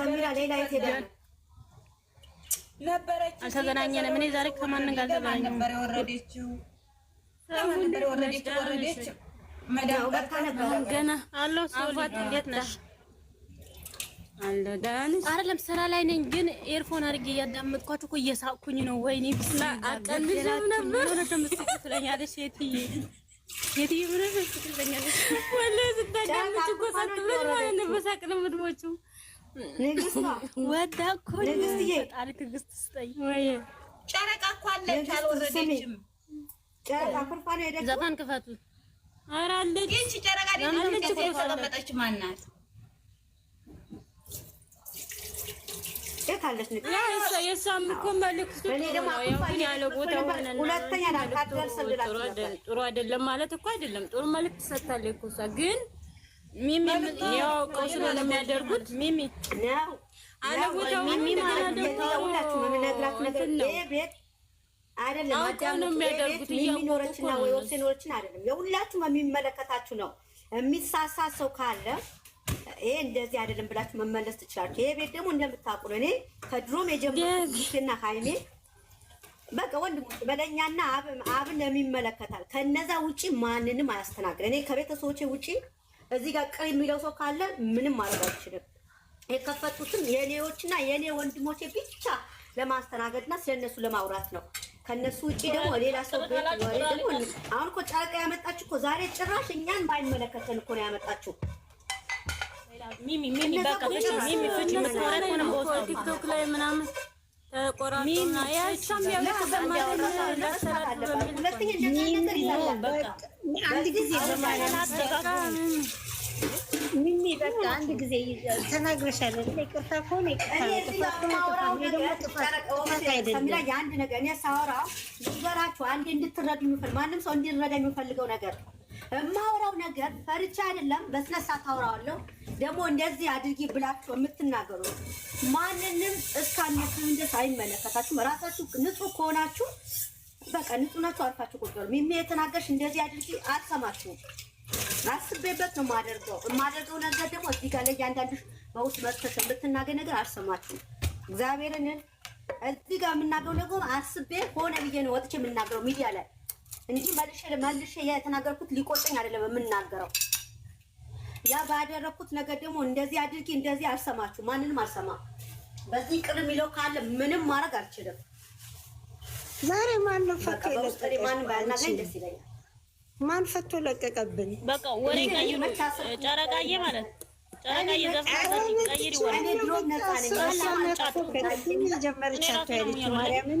ሰሚራ ሌላ የት ሄደ ነበረች? አልተገናኘንም። እኔ ዛሬ ከማንም ጋር አልተገናኘንም ነበር የወረደችው አይደለም ስራ ላይ ነኝ፣ ግን ኤርፎን አድርጌ እያዳመጥኳችሁ እኮ እየሳቅኩኝ ነው። ወይኔ ብስላ አቀልሽም ነበር ትለኛለሽ የትዬ የትዬ ምንም ትለኛለሽ ወላሂ ስታዳምጪ እኮ ሳትብለሽ ማለት ነው በሳቅ ነው የምትሞቺው ወዳ እኮ ንግስትዬ፣ ትዕግስት ስጠኝ። ወይ ጨረቃ እኮ አለች አልወረደችም። ጨረቃ ኩርፋን ሄደች። ዘፋን ክፈቱ። ኧረ አለች ይቺ ጨረቃ ደምነች ተቀመጠች። ማናት? ጥሩ አይደለም ማለት እኮ አይደለም። ጥሩ መልዕክት ሰጥታለች እኮ እሷ ግን ሚሚ ያውቀው ስለሚያደርጉት ሚሚ አለቦታው አይደለም የሚያደርጉት የሁላችሁም የሚመለከታችሁ ነው። የሚሳሳት ሰው ካለ ይሄ እንደዚህ አይደለም ብላችሁ መመለስ ትችላችሁ። ይሄ ቤት ደግሞ እንደምታውቁ ነው። እኔ ከድሮም የጀመርኩትና ሀይሜ በቃ ወንድሞች በለኛና አብን የሚመለከታል። ከነዛ ውጪ ማንንም አያስተናግድ። እኔ ከቤተሰቦቼ ውጪ እዚህ ጋር ቅር የሚለው ሰው ካለ ምንም ማድረግ አልችልም። የከፈቱትም የኔዎችና የኔ ወንድሞቼ ብቻ ለማስተናገድና ስለነሱ ለማውራት ነው። ከነሱ ውጭ ደግሞ ሌላ ሰው ደግሞ አሁን እኮ ጨረቃ ያመጣችሁ እኮ ዛሬ ጭራሽ እኛን ባይመለከተን እኮ ነው ያመጣችሁ። ሚሚ ሚሚ በቃ ሚሚ ፍጭ ምትማረ ሆነ ቲክቶክ ላይ ምናምን ሚሚ አንድ ጊዜ ተናግረሻል። ይቅርታ ከሆነ ይቅርታ። አንድ እንድትረዱ ማንም ሰው እንዲረዳ የሚፈልገው ነገር የማወራው ነገር ፈርቻ አይደለም፣ በስነሳ አወራዋለሁ። ደግሞ እንደዚህ አድርጊ ብላችሁ የምትናገሩ ማንንም እስካነካን ድረስ አይመለከታችሁም። ራሳችሁ ንጹህ ከሆናችሁ በቃ ንጹህ ናችሁ፣ አርፋችሁ ቁጭ በሉ። ሚሚ የተናገርሽ እንደዚህ አድርጊ አልሰማችሁም። አስቤበት ነው የማደርገው። የማደርገው ነገር ደግሞ እዚህ ጋር ላይ እያንዳንዱ በውስጥ መጥተሽ የምትናገር ነገር አልሰማችሁም። እግዚአብሔርን እዚህ ጋር የምናገረው ነገር አስቤ ሆነ ብዬ ነው ወጥቼ የምናገረው ሚዲያ ላይ እንዲህ መልሼ መልሼ የተናገርኩት ሊቆጨኝ አይደለም የምናገረው። ያ ባደረኩት ነገር ደግሞ እንደዚህ አድርጊ እንደዚህ አልሰማችሁ፣ ማንንም አልሰማም። በዚህ ቅር የሚለው ካለ ምንም ማድረግ አልችልም። ዛሬ ማን ነው ፈቶ ለቀቀብኝ? ማንም ባያናገኝ ደስ ይለኛል። ማን ፈቶ ለቀቀብኝ? በቃ ወሬ ቀይሩ፣ ጨረቃዬ ማለት ጨረቃዬ ዘፈን ቀይሩ፣ ወሬ ድሮ ነፃ ነኝ። ማን ጫቶ ከቀኝ ጀመረቻቸው ያለች ማርያምን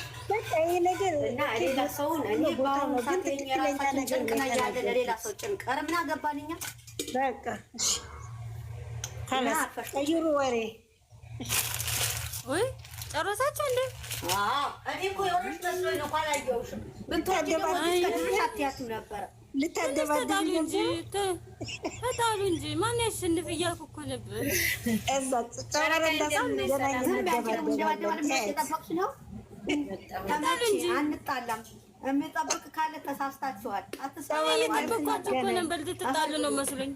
በቃ ይሄ ነገር እና ሌላ ሰውን እኔ በአሁኑ ሰዓት የራሳችን ጭንቅና ያለ ለሌላ ሰው ጭንቅ፣ ኧረ ምን አገባን እኛ። በቃ ቀይሩ ወሬ። ውይ ጨረሳቸው እንዴ? ማን ያሸንፍ እያልኩ ነበር። አንጣላም። የሚጠብቅ ካለ ተሳስታችኋል። እየጠበኳቸው እኮ ነበር። ልትጣሉ ነው መስሎኝ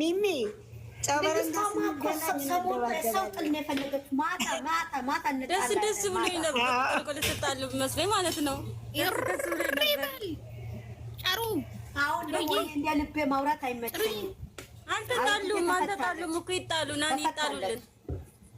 ሚሚ ደስ ደስ ብሎኝ ነበር። ልትጣሉ መስሎኝ ማለት ነው። ጨሩ እንደ ልቤ ማውራት አይመችም። አልተጣሉም አልተጣሉም እኮ ይጣሉ ናን ይጣሉልን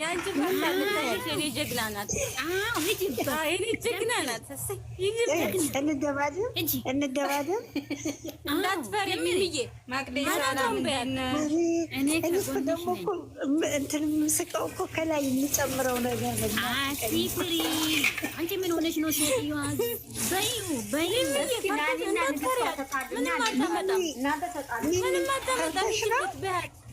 የአንቺ ፋታ ልታይሽ የእኔ ጀግና ናት። አዎ ሂጂ የእኔ ጀግና ናት። እንደባደም እንደባደም እንዳትፈሪ የሚልዬ እኔ ደግሞ እኮ እንትን የምስቀው እኮ ከላይ የምጨምረው ነገር ነው። አትፍሪ አንቺ ምን ሆነሽ ነው? በይው በይው ምንም አታመጣም።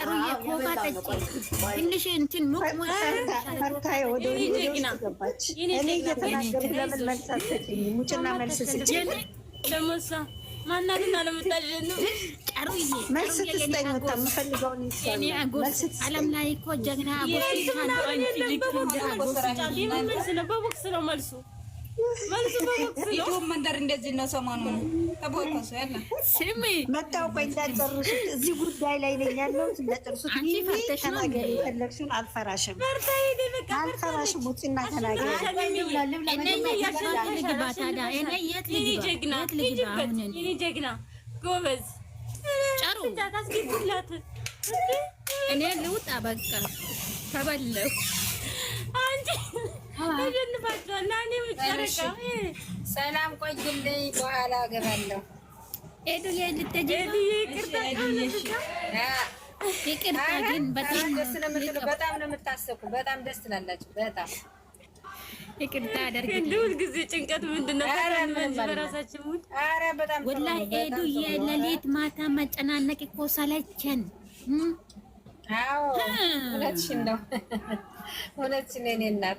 ጥሩዬ ኮካ ጠጪ ትንሽ እንትን ሙቅ ሙቅ ዓለም ላይ እኮ ጀግና በቦክስ ነው መልሱ መልሱ በቦክስ ነው። መንደር እንደዚህ ነው ሰሞኑን ስሚ መታወቅ እንዳጨርሱት እዚህ ጉዳይ ላይ ነኝ ያለሁት። እንዳጨርሱት ተናገሪ፣ የፈለግሽውን አልፈራሽም፣ አልፈራሽም። ውጭና ተናገሪ። ጀግና ጎበዝ ጨሩ እኔ ልውጣ በቃ ተበለው አንቺ ተሸንፋችኋል። ሰላም ቆይልኝ። በኋላ እገባለሁ። ኤዱዬ ልትሄጂ ይቅርታ፣ ግን በጣም ነው በጣም ደስ ትላላችሁ። በጣም ይቅርታ ጭንቀት ምንድን ነው? ወላሂ ማታ መጨናነቅ እኮ ሰለቸን። አዎ ነው፣ የእኔ እናት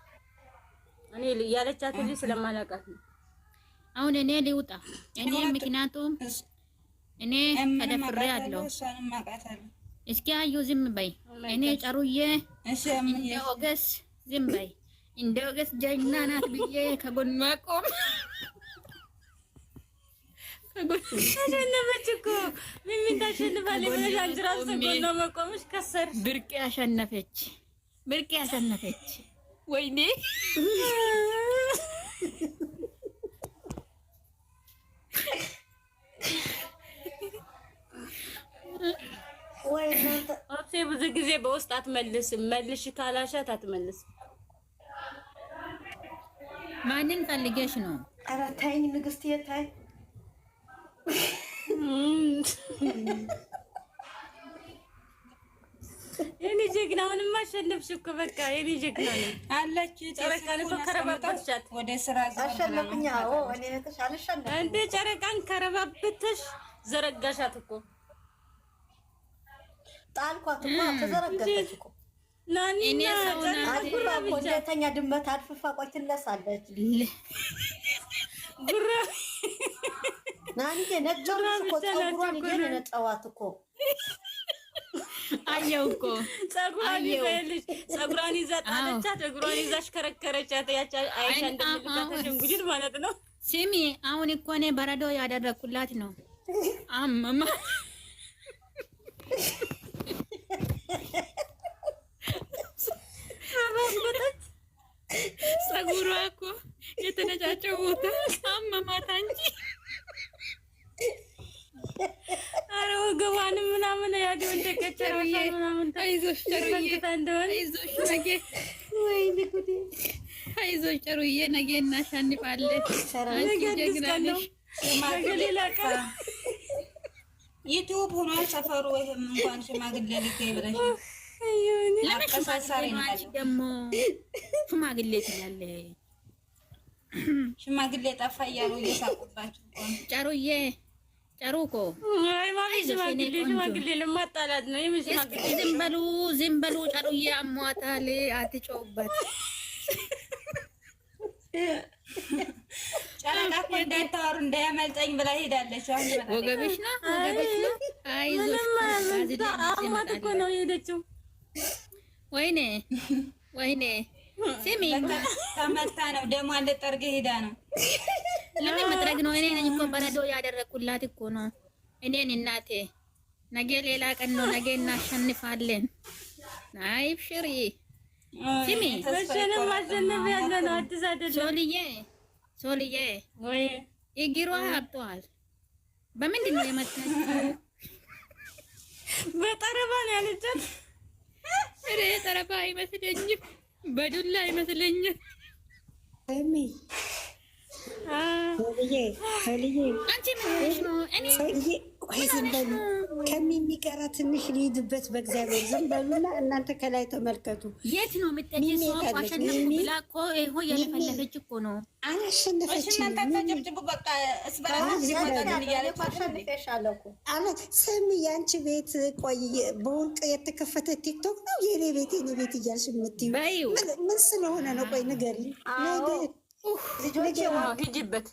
እኔ ያለቻት ልጅ ስለማላውቃት ነው። አሁን እኔ ልውጣ። እኔ ምክንያቱም እኔ ተደፍሬ አለው። እስኪ አዩ ዝም በይ። እኔ ጨሩዬ እንደ ኦገስ ዝም በይ። እንደ ኦገስ ጀግና ናት ብዬ እኮ ሚሚ ታሸንፋለች ብለሽ መቆምሽ አሸነፈች። አሸነፈች። ወይኔ ሀብቴ ብዙ ጊዜ በውስጥ አትመልስም። መልሽ ካላሻት አትመልስም። ማንን ፈልጌሽ ነው? ኧረ ተይኝ ንግስት ታይ የኔ ጀግና አሁንማ አሸነፍሽ እኮ በቃ የኔ ጀግና አለች። ወደ ስራ አሸነፍኛ። እኔ እህትሽ አልሸነፍም እንደ ጨረቃን ከረባብትሽ ዘረጋሻት እኮ ጣልኳት እኮ ተዘረጋች እኮ እንደተኛ ድመት አድፍፋ ቆይ ትነሳለች። ጉራ ናኒ ነጨ እኮ ፀጉሯን ይዤ እኮ አየው እኮ ጸጉሯን ይዘልሽ ጸጉሯን ይዛ ጣለቻት፣ እግሯን ይዛ አሽከረከረቻት። ያቻ አይሻ እንደምታታሽ እንግዲህ ማለት ነው። ስሚ አሁን እኮ እኔ በረዶ ያደረኩላት ነው። አመማ ጸጉሯ እኮ የተነጫጨው ቦታ አመማታ እንጂ አረ ወገቧንም ምናምን ያዲሆን ደቀጨር ምናምን አይዞሽ ጨሩዬ፣ ነገ እናሸንፋለን። ሌላ ቀን ዩቲዩብ ሆኗል ሰፈሩ። ይሄም እንኳን ሽማግሌ ልትይብለሽ ለመሳሳሪ ደግሞ ሽማግሌ ትላለች። ሽማግሌ ጠፋ እያሉ እየሳቁባችሁ ጨሩዬ ጨሩ እኮ ሽማግሌ ለማጣላት ነው። ዝም በሉ ዝም በሉ። ጨሩዬ አሟታል፣ አትጮውበት። ጨረቃ እኮ እንዳታወሩ እንዳያመልጠኝ ብላ ሄዳለች። ወገብሽ ነው ወገብሽ ነው። አይዞሽ አሟት እኮ ነው የሄደችው። ወይኔ ወይኔ፣ ስሚ ተመታ ነው ደግሞ አንድ ጠርግ ሄዳ ነው ለምን መጥረግ ነው? እኔ ነኝ እኮ በረዶ ያደረግኩላት እኮ ነው። እኔን እናቴ፣ ነገ ሌላ ቀን ነው። ነገ እናሸንፋለን። አይ ብሽሪ ስሚ፣ ሶልዬ ሶልዬ፣ እግሯ አብጠዋል። በምንድን ነው የመታችው? በጠረባ ነው ያለቻት። ጠረባ አይመስለኝም፣ በዱላ አይመስለኝም። ከሚሚ ትንሽ ልሂድበት። በእግዚአብሔር ዝም በሉና እናንተ ከላይ ተመልከቱ። የት ነው የለፈለፈች እኮ ነው አላሸነፈችም። ስም ያንቺ ቤት ቆይ፣ በወርቅ የተከፈተ ቲክቶክ ነው የኔ ቤት የኔ ቤት እያልሽ የምትይው ምን ስለሆነ ነው? ቆይ ንገሪኝ ልጆቼ ሂጂበት